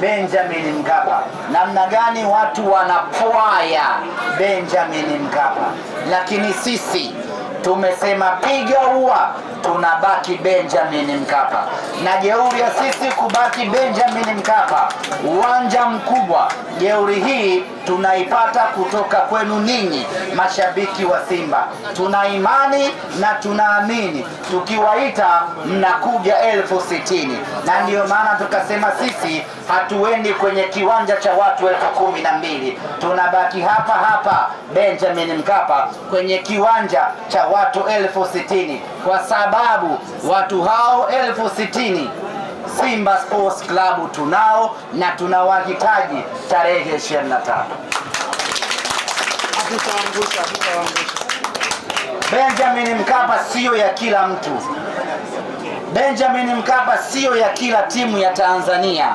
Benjamin Mkapa, namna gani watu wanapwaya Benjamin Mkapa, lakini sisi tumesema piga huwa tunabaki Benjamin Mkapa na jeuri ya sisi kubaki Benjamin Mkapa wa mchango mkubwa. Jeuri hii tunaipata kutoka kwenu ninyi mashabiki wa Simba. Tuna imani na tunaamini, tukiwaita mnakuja elfu sitini na ndiyo maana tukasema sisi hatuendi kwenye kiwanja cha watu elfu kumi na mbili tunabaki hapa hapa Benjamin Mkapa kwenye kiwanja cha watu elfu sitini kwa sababu watu hao elfu sitini Simba Sports Club tunao na tunawahitaji tarehe 25. Benjamin Mkapa siyo ya kila mtu. Benjamin Mkapa siyo ya kila timu ya Tanzania.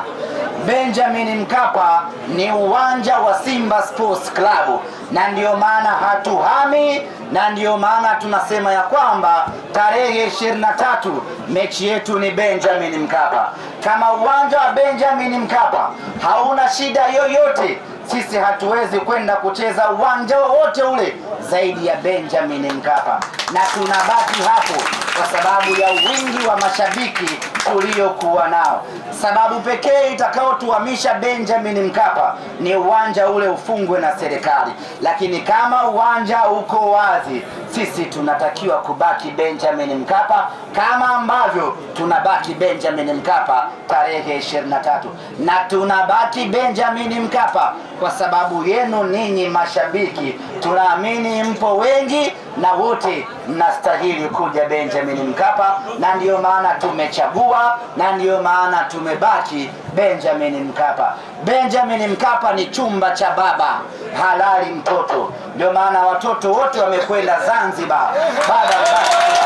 Benjamin Mkapa ni uwanja wa Simba Sports Club na ndio maana hatuhami na ndiyo maana tunasema ya kwamba tarehe 23 mechi yetu ni Benjamin Mkapa. Kama uwanja wa Benjamin Mkapa hau hakuna shida yoyote, sisi hatuwezi kwenda kucheza uwanja wowote ule zaidi ya Benjamin Mkapa, na tunabaki hapo kwa sababu ya wingi wa mashabiki tuliokuwa nao. Sababu pekee itakayotuhamisha Benjamin Mkapa ni uwanja ule ufungwe na serikali, lakini kama uwanja uko wazi, sisi tunatakiwa kubaki Benjamin Mkapa kama ambavyo tunabaki Benjamin Mkapa tarehe 23 na tunabaki Benjamin Mkapa kwa sababu yenu ninyi mashabiki, tunaamini mpo wengi na wote mnastahili kuja Benjamin Mkapa, na ndiyo maana tumechagua na ndiyo maana tumebaki Benjamin Mkapa. Benjamin Mkapa ni chumba cha baba halali mtoto, ndio maana watoto wote wamekwenda Zanzibar baba, baba.